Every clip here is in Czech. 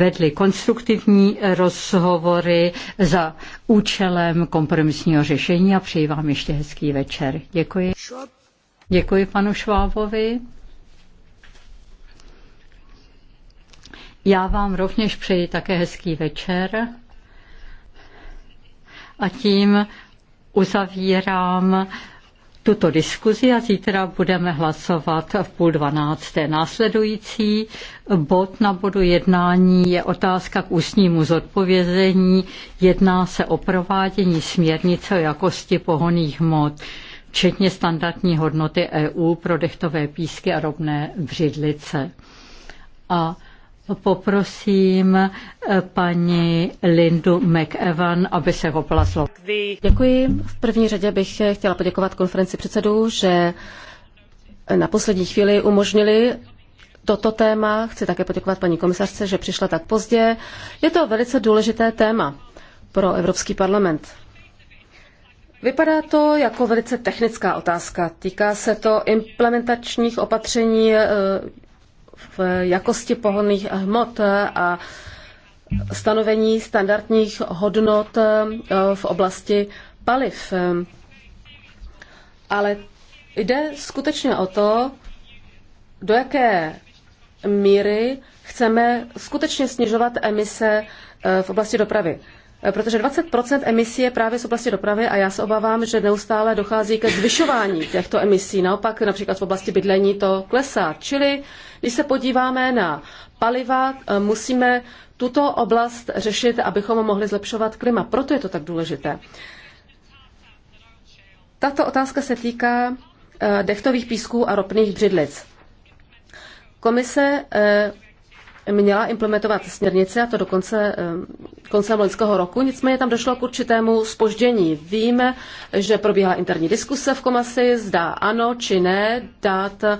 vedli konstruktivní rozhovory za účelem kompromisního řešení a přeji vám ještě hezký večer. Děkuji. Děkuji panu Švábovi. Já vám rovněž přeji také hezký večer a tím uzavírám tuto diskuzi a zítra budeme hlasovat v půl dvanácté. Následující bod na bodu jednání je otázka k ústnímu zodpovězení. Jedná se o provádění směrnice o jakosti pohoných hmot, včetně standardní hodnoty EU pro dechtové písky a robné břidlice. A Poprosím eh, paní Lindu McEvan, aby se chopila Děkuji. V první řadě bych chtěla poděkovat konferenci předsedů, že na poslední chvíli umožnili toto téma. Chci také poděkovat paní komisařce, že přišla tak pozdě. Je to velice důležité téma pro Evropský parlament. Vypadá to jako velice technická otázka. Týká se to implementačních opatření eh, v jakosti pohonných hmot a stanovení standardních hodnot eh, v oblasti paliv. Ale jde skutečně o to, do jaké míry chceme skutečně snižovat emise eh, v oblasti dopravy. Eh, protože 20 emisí je právě z oblasti dopravy a já se obávám, že neustále dochází ke zvyšování těchto emisí. Naopak například v oblasti bydlení to klesá. Čili když se podíváme na paliva, eh, musíme tuto oblast řešit, abychom mohli zlepšovat klima. Proto je to tak důležité. Tato otázka se týká eh, dechtových písků a ropných břidlic. Komise měla implementovat směrnice, a to do konce, eh, koncem loňského roku. Nicméně tam došlo k určitému spoždění. Víme, že probíhá interní diskuse v komisi, zda ano či ne dát eh,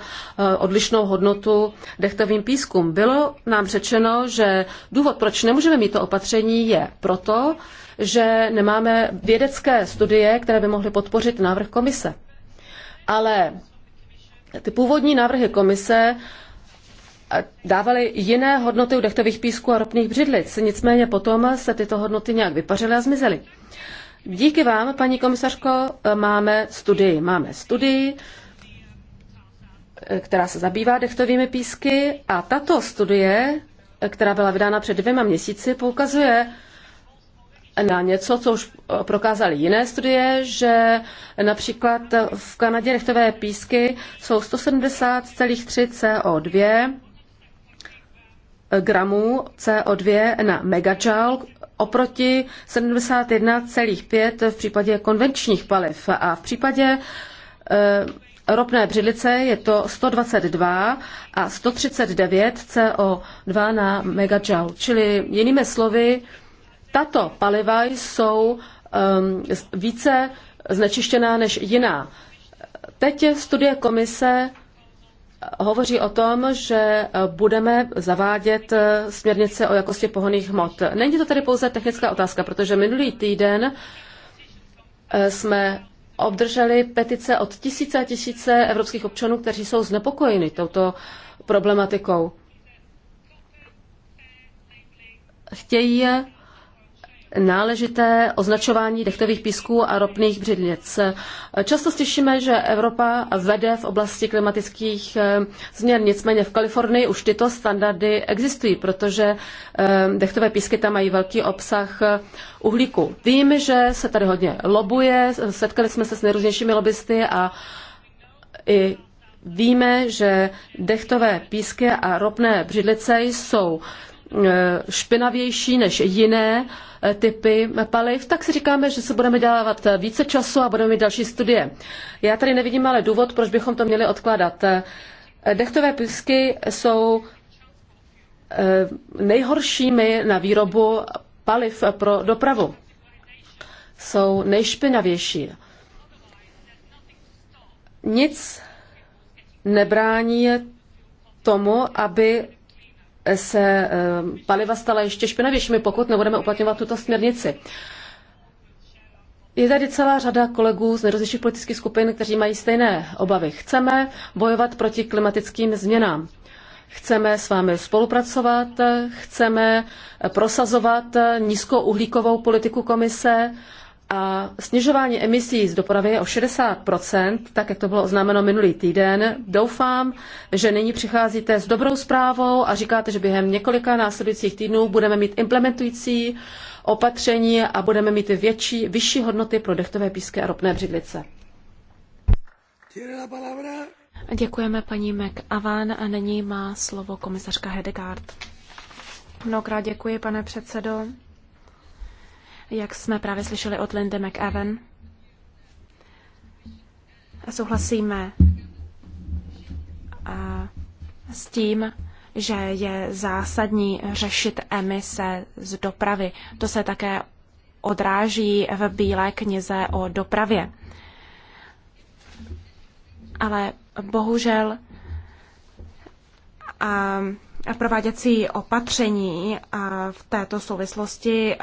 odlišnou hodnotu dechtovým pískům. Bylo nám řečeno, že důvod, proč nemůžeme mít to opatření, je proto, že nemáme vědecké studie, které by mohly podpořit návrh komise. Ale ty původní návrhy komise dávaly jiné hodnoty u dechtových písků a ropných břidlic. Nicméně potom se tyto hodnoty nějak vypařily a zmizely. Díky vám, paní komisařko, máme studii. Máme studii, eh, která se zabývá dechtovými písky a tato studie, eh, která byla vydána před dvěma měsíci, poukazuje na něco, co už prokázaly jiné studie, že například v Kanadě rechtové písky jsou 170,3 CO2 gramů CO2 na megajoule oproti 71,5 v případě konvenčních paliv. A v případě eh, ropné břidlice je to 122 a 139 CO2 na megajoule. Čili jinými slovy, tato paliva jsou eh, více znečištěná než jiná. Teď studie komise hovoří o tom, že budeme zavádět eh, směrnice o jakosti pohoných hmot. Není to tedy pouze technická otázka, protože minulý týden eh, jsme obdrželi petice od tisíce a tisíce evropských občanů, kteří jsou znepokojeni touto problematikou. Chtějí náležité označování dechtových písků a ropných břidlic. Často slyšíme, že Evropa vede v oblasti klimatických eh, změn, nicméně v Kalifornii už tyto standardy existují, protože eh, dechtové písky tam mají velký obsah eh, uhlíku. Vím, že se tady hodně lobuje, setkali jsme se s nejrůznějšími lobbysty a i Víme, že dechtové písky a ropné břidlice jsou Eh, špinavější než jiné eh, typy paliv, tak si říkáme, že se budeme dělat více času a budeme mít další studie. Já tady nevidím ale důvod, proč bychom to měli odkládat. Eh, dechtové písky jsou nejhoršími na výrobu paliv pro dopravu. Jsou nejšpinavější. Nic nebrání tomu, aby se eh, paliva stala ještě špinavějšími, pokud nebudeme uplatňovat tuto směrnici. Je tady celá řada kolegů z nejrozlišších politických skupin, kteří mají stejné obavy. Chceme bojovat proti klimatickým změnám. Chceme s vámi spolupracovat, chceme prosazovat nízkouhlíkovou politiku komise, a snižování emisí z dopravy o 60%, tak jak to bylo oznámeno minulý týden. Doufám, že nyní přicházíte s dobrou zprávou a říkáte, že během několika následujících týdnů budeme mít implementující opatření a budeme mít větší, vyšší hodnoty pro dechtové písky a ropné břidlice. Děkujeme paní McAvan a nyní má slovo komisařka Hedegaard. Mnohokrát děkuji, pane předsedo jak jsme právě slyšeli od Lindy McEwen. Souhlasíme s tím, že je zásadní řešit emise z dopravy. To se také odráží v Bílé knize o dopravě. Ale bohužel prováděcí opatření v této souvislosti,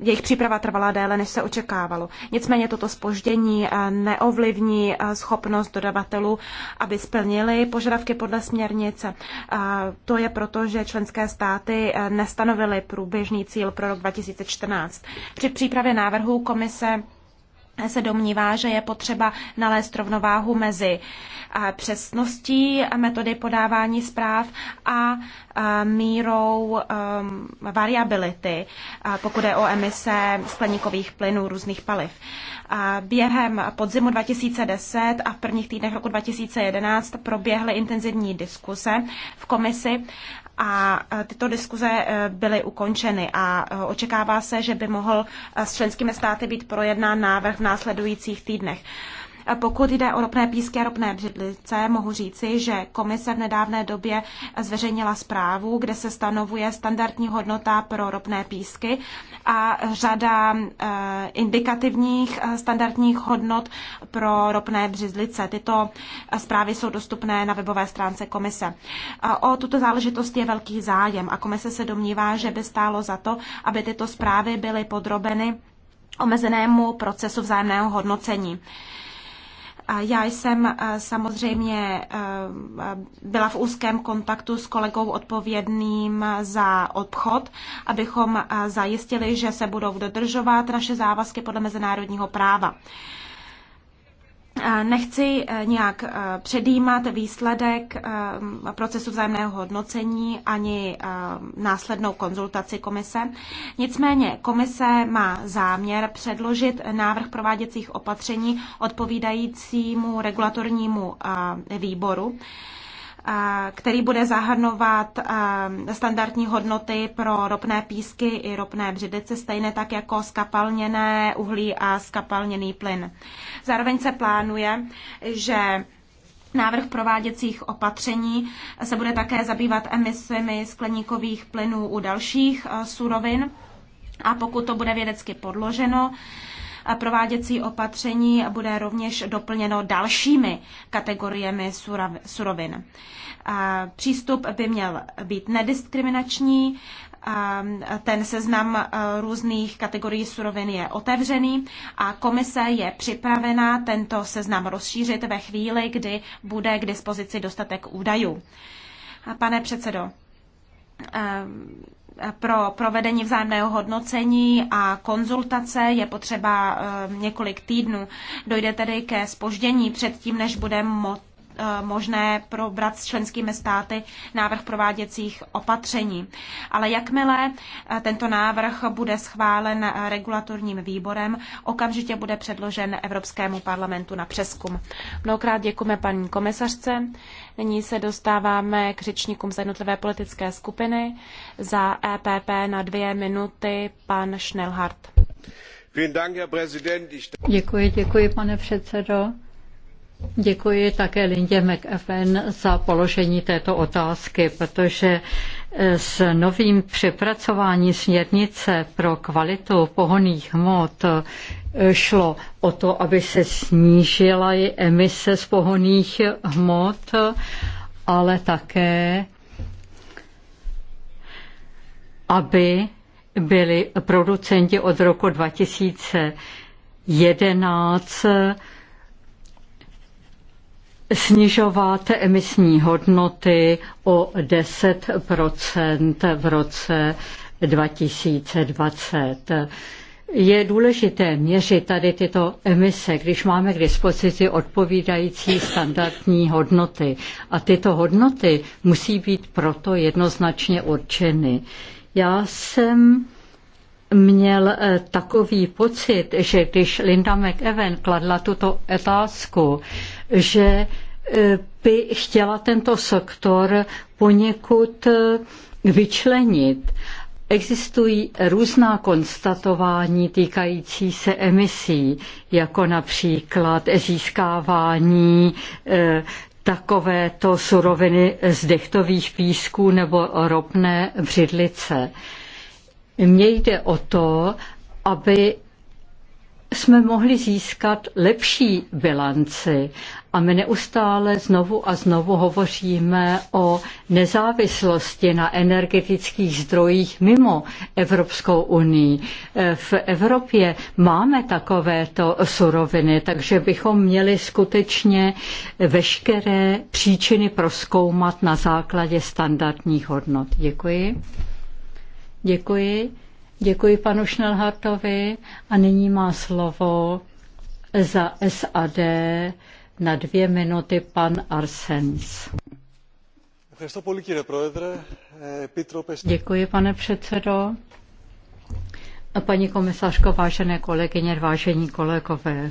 jejich příprava trvala déle, než se očekávalo. Nicméně toto spoždění neovlivní schopnost dodavatelů, aby splnili požadavky podle směrnice. To je proto, že členské státy nestanovily průběžný cíl pro rok 2014. Při přípravě návrhu komise se domnívá, že je potřeba nalézt rovnováhu mezi eh, přesností metody podávání zpráv a eh, mírou eh, variability, pokud je o emise skleníkových plynů různých paliv. Během podzimu 2010 a v prvních týdnech roku 2011 proběhly intenzivní diskuse v komisi a e, tyto diskuze e, byly ukončeny a e, očekává se, že by mohl s členskými státy být projednán návrh v následujících týdnech. Pokud jde o ropné písky a ropné břidlice, mohu říci, že komise v nedávné době zveřejnila zprávu, kde se stanovuje standardní hodnota pro ropné písky a řada eh, indikativních eh, standardních hodnot pro ropné břidlice. Tyto eh, zprávy jsou dostupné na webové stránce komise. O tuto záležitost je velký zájem a komise se domnívá, že by stálo za to, aby tyto zprávy byly podrobeny omezenému procesu vzájemného hodnocení. Já jsem eh, samozřejmě eh, byla v úzkém kontaktu s kolegou odpovědným za obchod, abychom eh, zajistili, že se budou dodržovat naše závazky podle mezinárodního práva. Nechci eh, nějak eh, předjímat výsledek eh, procesu vzájemného hodnocení ani následnou konzultaci komise. Nicméně komise má záměr předložit návrh prováděcích opatření odpovídajícímu regulatornímu výboru který bude zahrnovat standardní hodnoty pro ropné písky i ropné břidice, stejně tak jako skapalněné uhlí a skapalněný plyn. Zároveň se plánuje, že Návrh prováděcích opatření se bude také zabývat emisemi skleníkových plynů u dalších surovin a pokud to bude vědecky podloženo, Prováděcí opatření bude rovněž doplněno dalšími kategoriemi surovin. Přístup by měl být nediskriminační, ten seznam e, různých kategorií surovin je otevřený a komise je připravena tento seznam rozšířit ve chvíli, kdy bude k dispozici dostatek údajů. Pane předsedo, pro provedení vzájemného hodnocení a konzultace je potřeba eh, několik týdnů. Dojde tedy ke spoždění předtím, než bude mo- Eh, možné probrat s členskými státy návrh prováděcích opatření. Ale jakmile eh, tento návrh bude schválen eh, regulatorním výborem, okamžitě bude předložen Evropskému parlamentu na přeskum. Mnohokrát děkujeme paní komisařce. Nyní se dostáváme k řečníkům za jednotlivé politické skupiny. Za EPP na dvě minuty pan Schnellhardt. Děkuji, děkuji, pane předsedo. Děkuji také Lindě McFN za položení této otázky, protože eh, s novým přepracování směrnice pro kvalitu pohoných hmot eh, šlo o to, aby se snížila i emise z pohoných hmot, ale také, aby byli producenti od roku 2011 snižovat emisní hodnoty o 10 v roce 2020. Je důležité měřit tady tyto emise, když máme k dispozici odpovídající standardní hodnoty. A tyto hodnoty musí být proto jednoznačně určeny. Já jsem měl eh, takový pocit, že když Linda McEwen kladla tuto otázku, že e, by chtěla tento sektor poněkud e, vyčlenit. Existují různá konstatování týkající se emisí, jako například získávání e, takovéto suroviny z dechtových písků nebo ropné břidlice. Mně jde o to, aby jsme mohli získat lepší bilanci a my neustále znovu a znovu hovoříme o nezávislosti na energetických zdrojích mimo Evropskou unii. V Evropě máme takovéto suroviny, takže bychom měli skutečně veškeré příčiny proskoumat na základě standardních hodnot. Děkuji. Děkuji. Děkuji panu Šnelhartovi a nyní má slovo za SAD na dvě minuty pan Arsens. Děkuji, pane předsedo. Paní komisařko, vážené kolegyně, vážení kolegové,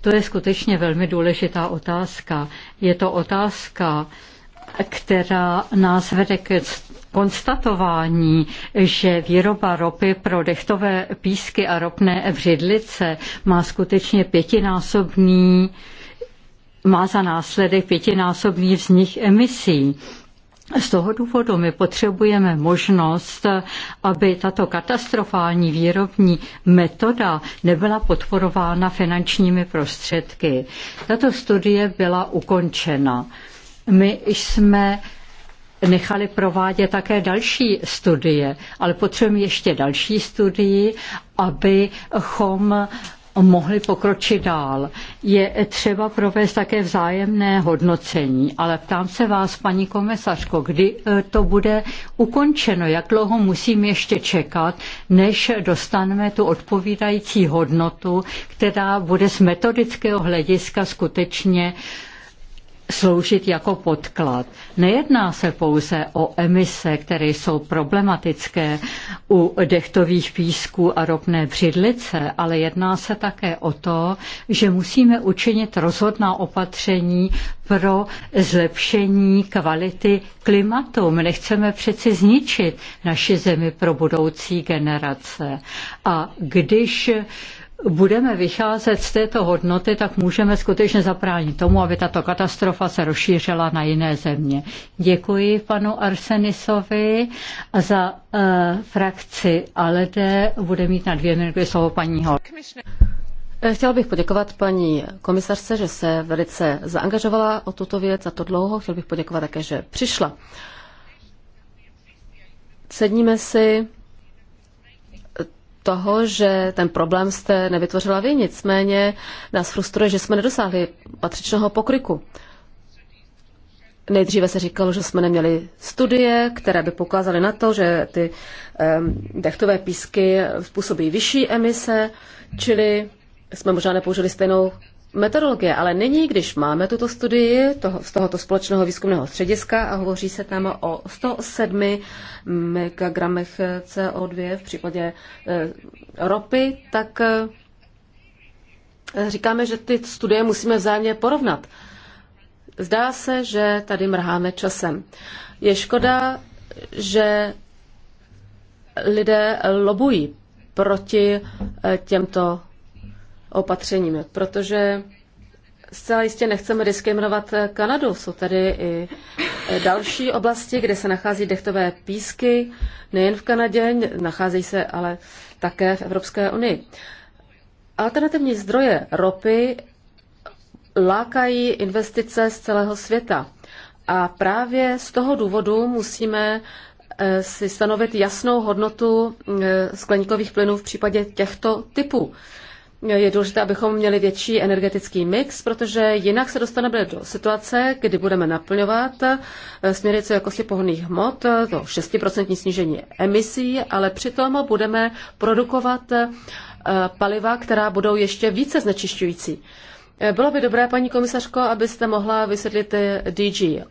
to je skutečně velmi důležitá otázka. Je to otázka, která nás vede k Konstatování, že výroba ropy pro dechtové písky a ropné břidlice má skutečně pětinásobný má za následek pětinásobný vznik emisí. Z toho důvodu my potřebujeme možnost, aby tato katastrofální výrobní metoda nebyla podporována finančními prostředky. Tato studie byla ukončena. My jsme nechali provádět také další studie, ale potřebujeme ještě další studii, abychom mohli pokročit dál. Je třeba provést také vzájemné hodnocení, ale ptám se vás, paní komisařko, kdy e, to bude ukončeno, jak dlouho musím ještě čekat, než dostaneme tu odpovídající hodnotu, která bude z metodického hlediska skutečně uh, sloužit jako podklad. Nejedná se pouze o emise, které jsou problematické u dechtových písků a ropné břidlice, ale jedná se také o to, že musíme učinit rozhodná opatření pro zlepšení kvality klimatu. My nechceme přeci zničit naši zemi pro budoucí generace. A když budeme vycházet z této hodnoty, tak můžeme skutečně zabránit tomu, aby tato katastrofa se rozšířila na jiné země. Děkuji panu Arsenisovi eh, a za uh, frakci ALDE bude mít na dvě minuty slovo paní Hol. Eh, chtěla bych poděkovat paní komisarce, že se velice zaangažovala o tuto věc a to dlouho. Chtěl bych poděkovat také, že přišla. Cedíme si toho, že ten problém jste nevytvořila vy, nicméně nás frustruje, že jsme nedosáhli patřičného pokryku. Nejdříve se říkalo, že jsme neměli studie, které by poukázaly na to, že ty um, dechtové písky způsobí vyšší emise, čili jsme možná nepoužili stejnou metodologie ale není, když máme tuto studii toho, z tohoto společného výzkumného střediska a hovoří se tam o 107 megagramech CO2 v případě eh, ropy, tak eh, říkáme, že ty studie musíme vzájemně porovnat. Zdá se, že tady mrháme časem. Je škoda, že lidé lobují proti eh, těmto opatřeními, protože zcela jistě nechceme diskriminovat Kanadu. Jsou tady i další oblasti, kde se nachází dechtové písky, nejen v Kanadě, nacházejí se ale také v Evropské unii. Alternativní zdroje ropy lákají investice z celého světa. A právě z toho důvodu musíme eh, si stanovit jasnou hodnotu eh, skleníkových plynů v případě těchto typů je důležité, abychom měli větší energetický mix, protože jinak se dostaneme do situace, kdy budeme naplňovat eh, směrnice jakosti pohodných hmot, to 6% snížení emisí, ale přitom budeme produkovat eh, paliva, která budou ještě více znečišťující. Eh, Bylo by dobré, paní komisařko, abyste mohla vysvětlit DG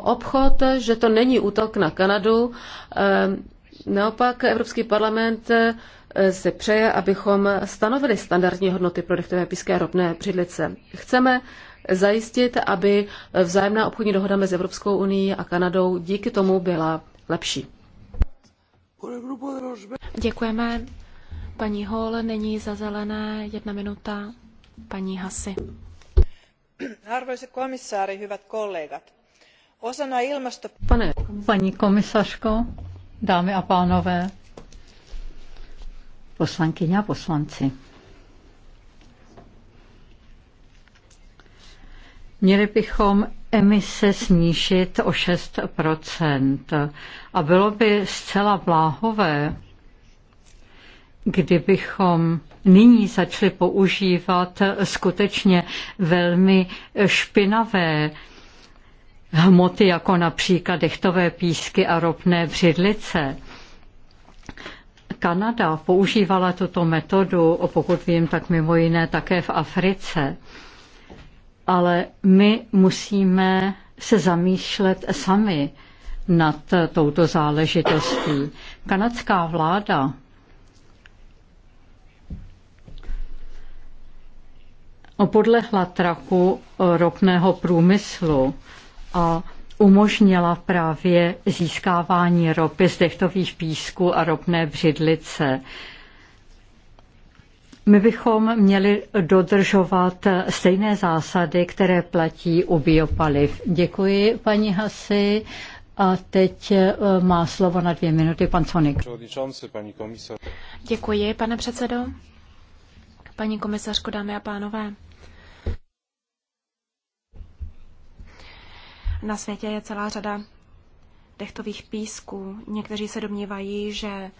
obchod, že to není útok na Kanadu. Naopak Evropský parlament si přeje, abychom stanovili standardní hodnoty pro dechtové písky a ropné přidlice. Chceme zajistit, aby vzájemná obchodní dohoda mezi Evropskou unii a Kanadou díky tomu byla lepší. Děkujeme. Paní Hall není za zelené. Jedna minuta. Paní Hasi. Arvoisa komissaari, hyvät kollegat. Osana ilmasto... Pane, paní komisařko, dámy a pánové, poslankyně a poslanci. Měli bychom emise snížit o 6 a bylo by zcela bláhové, kdybychom nyní začali používat skutečně velmi špinavé hmoty, jako například dechtové písky a ropné břidlice. Kanada používala tuto metodu, pokud vím, tak mimo jiné také v Africe. Ale my musíme se zamýšlet sami nad touto záležitostí. Kanadská vláda podlehla traku ropného průmyslu a umožnila právě získávání ropy z dechtových písků a ropné břidlice. My bychom měli dodržovat stejné zásady, které platí u biopaliv. Děkuji, paní Hasi. A teď eh, má slovo na dvě minuty pan Sonik. Děkuji, pane předsedo. Paní komisařko, dámy a pánové. Na světě je celá řada dechtových písků. Někteří se domnívají, že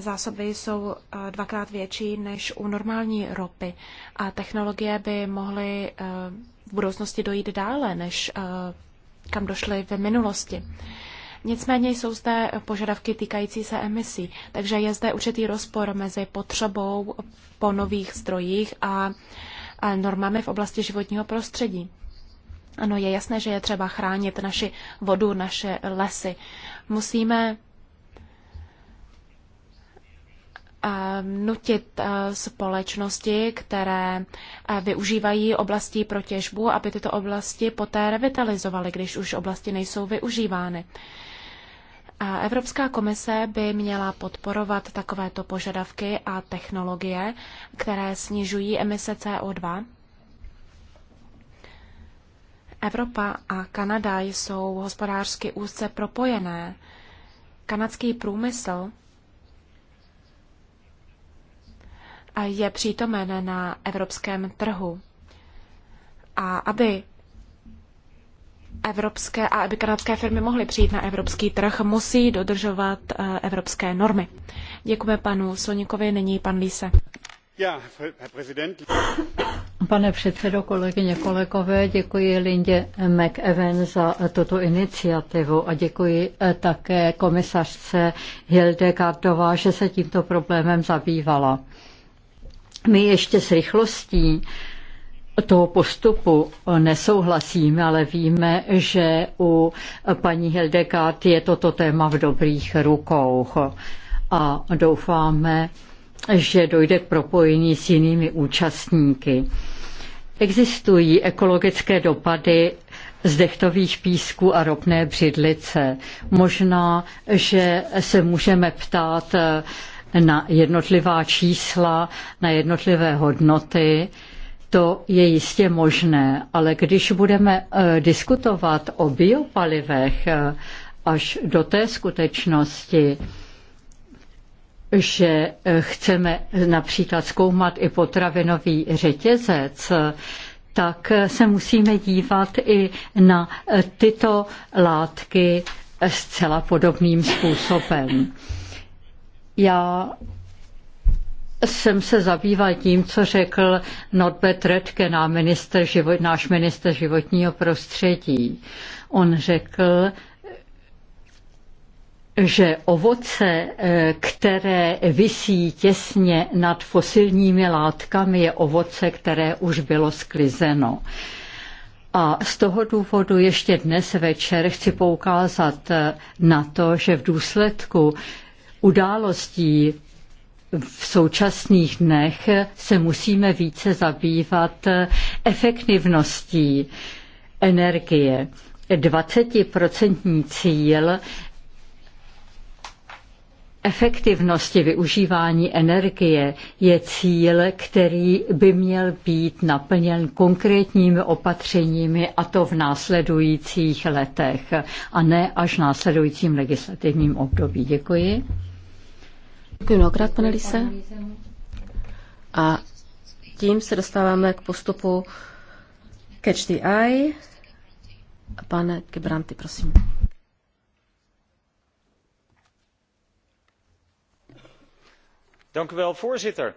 zásoby jsou eh, dvakrát větší než u normální ropy a technologie by mohly eh, v budoucnosti dojít dále, než eh, kam došly v minulosti. Nicméně jsou zde požadavky týkající se emisí, takže je zde určitý rozpor mezi potřebou po nových zdrojích a normami v oblasti životního prostředí. Ano, je jasné, že je třeba chránit naši vodu, naše lesy. Musíme eh, nutit eh, společnosti, které eh, využívají oblasti pro těžbu, aby tyto oblasti poté revitalizovaly, když už oblasti nejsou využívány. A Evropská komise by měla podporovat takovéto požadavky a technologie, které snižují emise CO2 Evropa a Kanada jsou hospodářsky úzce propojené. Kanadský průmysl je přítomen na evropském trhu. A aby evropské a aby kanadské firmy mohly přijít na evropský trh, musí dodržovat eh, evropské normy. Děkujeme panu Soníkovi, nyní pan Líse. Pane předsedo, kolegyně, kolegové, děkuji Lindě McEwen za tuto iniciativu a děkuji eh, také komisařce Hilde že se tímto problémem zabývala. My ještě s rychlostí toho postupu nesouhlasíme, ale víme, že u paní Hildegard je toto téma v dobrých rukou a doufáme, že dojde k propojení s jinými účastníky. Existují ekologické dopady z dechtových písků a ropné břidlice. Možná, že se můžeme ptát eh, na jednotlivá čísla, na jednotlivé hodnoty. To je jistě možné, ale když budeme eh, diskutovat o biopalivech eh, až do té skutečnosti, že eh, chceme například zkoumat i potravinový řetězec, tak eh, se musíme dívat i na eh, tyto látky zcela podobným způsobem. Já jsem se zabýval tím, co řekl Norbert Redke, náš minister, minister životního prostředí. On řekl, že ovoce, eh, které visí těsně nad fosilními látkami, je ovoce, které už bylo sklizeno. A z toho důvodu ještě dnes večer chci poukázat eh, na to, že v důsledku událostí v současných dnech se musíme více zabývat eh, efektivností energie. 20% cíl efektivnosti využívání energie je cíl, který by měl být naplněn konkrétními opatřeními a to v následujících letech a ne až v následujícím legislativním období. Děkuji. Děkuji mnohokrát, pane Lise. A tím se dostáváme k postupu Catch the Eye. Pane Gebranty, prosím. voorzitter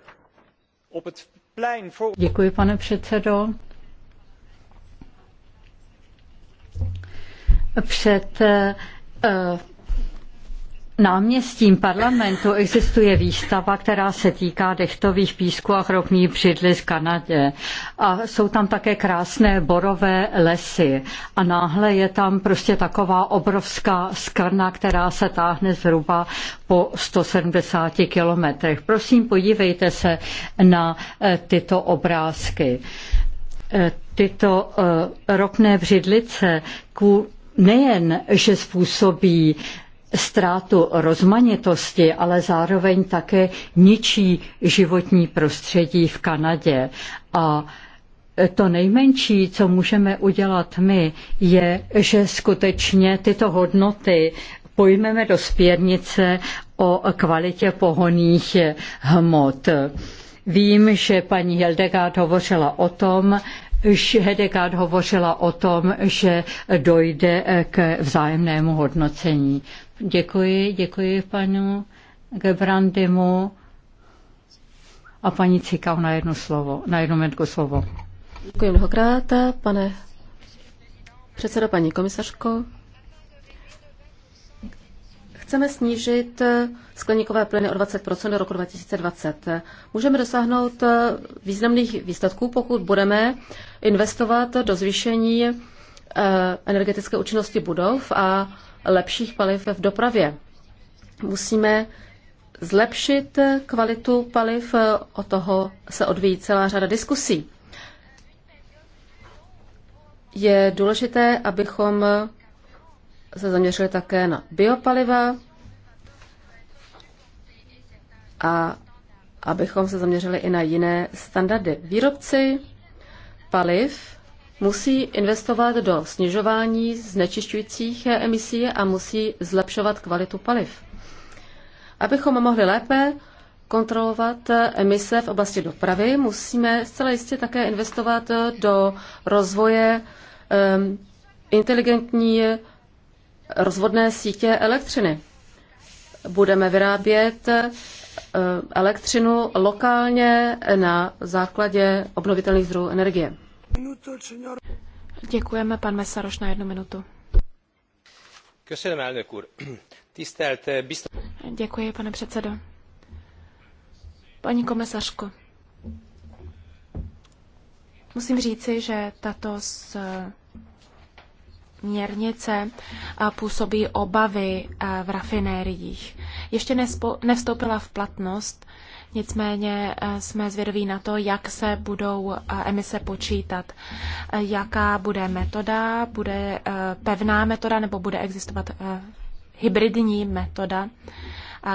op pane předsedající. Před eh, náměstím parlamentu existuje výstava, která se týká dechtových písků a chropní přidly v Kanadě. A jsou tam také krásné borové lesy. A náhle je tam prostě taková obrovská skrna, která se táhne zhruba po 170 kilometrech. Prosím, podívejte se na eh, tyto obrázky. Eh, tyto eh, ropné břidlice nejen, že způsobí ztrátu rozmanitosti, ale zároveň také ničí životní prostředí v Kanadě. A to nejmenší, co můžeme udělat my, je, že skutečně tyto hodnoty pojmeme do spěrnice o kvalitě pohoných hmot. Vím, že paní Hildegard hovořila o tom, Hedegaard hovořila o tom, že dojde k vzájemnému hodnocení. Děkuji, děkuji panu Gebrandimu a paní Cikau na jedno slovo, na jedno metko slovo. Děkuji mnohokrát, pane předsedo, paní komisařko, Chceme snížit eh, skleníkové plyny o 20 do roku 2020. Můžeme dosáhnout eh, významných výsledků, pokud budeme investovat do zvýšení eh, energetické účinnosti budov a lepších paliv v dopravě. Musíme zlepšit kvalitu paliv, o toho se odvíjí celá řada diskusí. Je důležité, abychom se zaměřili také na biopaliva a abychom se zaměřili i na jiné standardy. Výrobci paliv musí investovat do snižování znečišťujících emisí a musí zlepšovat kvalitu paliv. Abychom mohli lépe kontrolovat emise v oblasti dopravy, musíme zcela jistě také investovat do rozvoje ehm, inteligentní rozvodné sítě elektřiny. Budeme vyrábět eh, elektřinu lokálně na základě obnovitelných zdrojů energie. Děkujeme, pan Mesaroš, na jednu minutu. Eh, Děkuji, pane předsedo. Paní komisařko, musím říci, že tato s směrnice působí obavy v rafinériích. Ještě nevstoupila v platnost, nicméně jsme zvědaví na to, jak se budou emise počítat. Jaká bude metoda, bude pevná metoda nebo bude existovat hybridní metoda,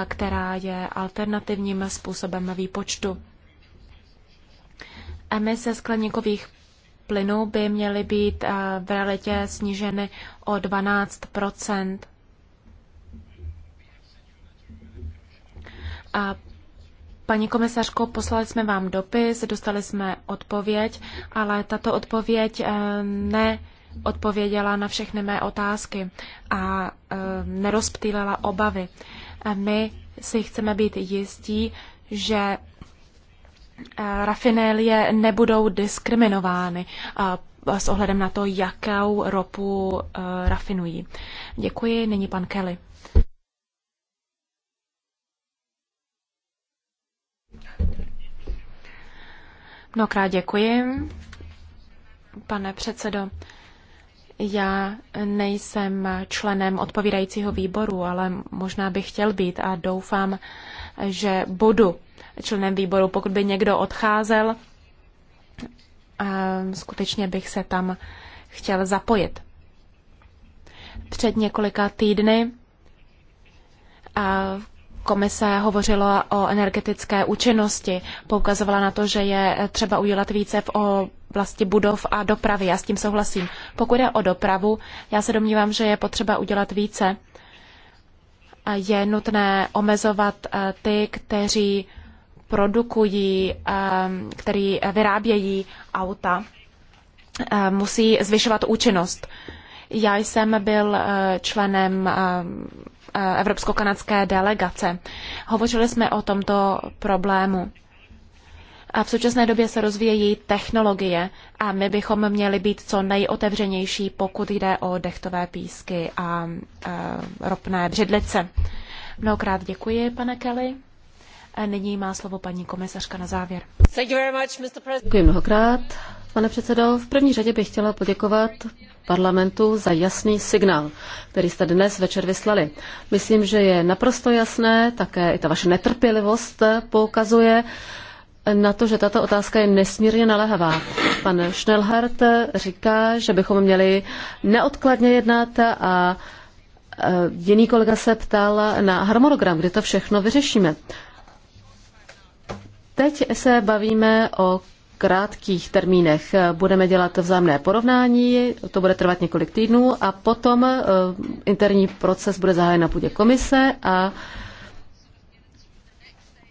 která je alternativním způsobem výpočtu. Emise skleníkových plynu by měly být eh, v realitě sníženy o 12 A Paní komisařko, poslali jsme vám dopis, dostali jsme odpověď, ale tato odpověď eh, odpověděla na všechny mé otázky a eh, nerozptýlila obavy. My si chceme být jistí, že Eh, rafinélie nebudou diskriminovány eh, s ohledem na to, jakou ropu eh, rafinují. Děkuji, nyní pan Kelly. Mnohokrát děkuji, pane předsedo. Já nejsem členem odpovídajícího výboru, ale možná bych chtěl být a doufám, že budu členem výboru. Pokud by někdo odcházel, skutečně bych se tam chtěl zapojit. Před několika týdny Komise hovořila o energetické účinnosti, poukazovala na to, že je třeba udělat více v oblasti budov a dopravy. Já s tím souhlasím. Pokud je o dopravu, já se domnívám, že je potřeba udělat více. Je nutné omezovat eh, ty, kteří produkují, ehm, který vyrábějí auta, eh, musí zvyšovat účinnost. Já jsem byl eh, členem ehm, Eh, evropsko-kanadské delegace. Hovořili jsme o tomto problému. A v současné době se rozvíjejí technologie a my bychom měli být co nejotevřenější, pokud jde o dechtové písky a, a eh, ropné břidlice. Mnohokrát děkuji, pane Kelly. A nyní má slovo paní komisařka na závěr. Děkuji mnohokrát, Pane předsedo, v první řadě bych chtěla poděkovat parlamentu za jasný signál, který jste dnes večer vyslali. Myslím, že je naprosto jasné, také i ta vaše netrpělivost poukazuje na to, že tato otázka je nesmírně naléhavá. Pan Schnellhardt říká, že bychom měli neodkladně jednat a e, jiný kolega se ptal na harmonogram, kde to všechno vyřešíme. Teď se bavíme o krátkých termínech. Budeme dělat vzájemné porovnání, to bude trvat několik týdnů a potom eh, interní proces bude zahájen na půdě komise a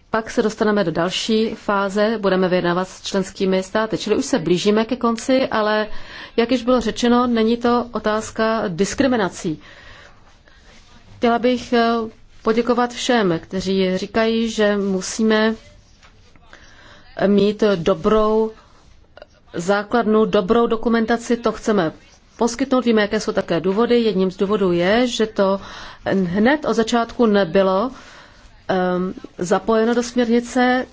pak se dostaneme do další fáze, budeme vyjednávat s členskými státy, čili už se blížíme ke konci, ale jak již bylo řečeno, není to otázka diskriminací. Chtěla bych eh, poděkovat všem, kteří říkají, že musíme mít dobrou základnu, dobrou dokumentaci, to chceme poskytnout. Víme, jaké jsou také důvody. Jedním z důvodů je, že to hned od začátku nebylo um, zapojeno do směrnice.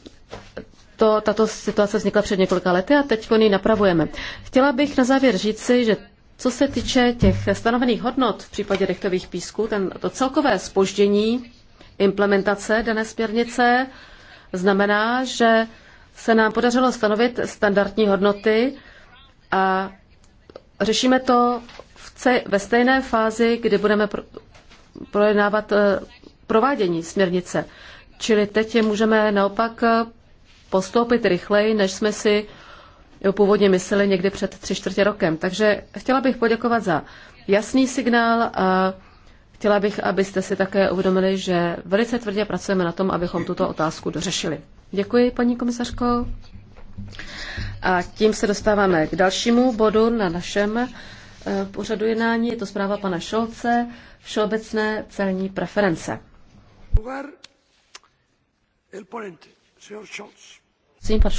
To, tato situace vznikla před několika lety a teď ji napravujeme. Chtěla bych na závěr říci, že co se týče těch stanovených hodnot v případě dechtových písků, ten, to celkové spoždění implementace dané směrnice znamená, že se nám podařilo stanovit standardní hodnoty a řešíme to ve stejné fázi, kdy budeme projednávat eh, provádění směrnice. Čili teď je můžeme naopak eh, postoupit rychleji, než jsme si původně mysleli někdy před tři čtvrtě rokem. Takže chtěla bych poděkovat za jasný signál a chtěla bych, abyste si také uvědomili, že velice tvrdě pracujeme na tom, abychom tuto otázku dořešili. Děkuji, paní komisařko. A tím se dostáváme k dalšímu bodu na našem eh, pořadu jednání. Je to zpráva pana Šolce, všeobecné celní preference. pan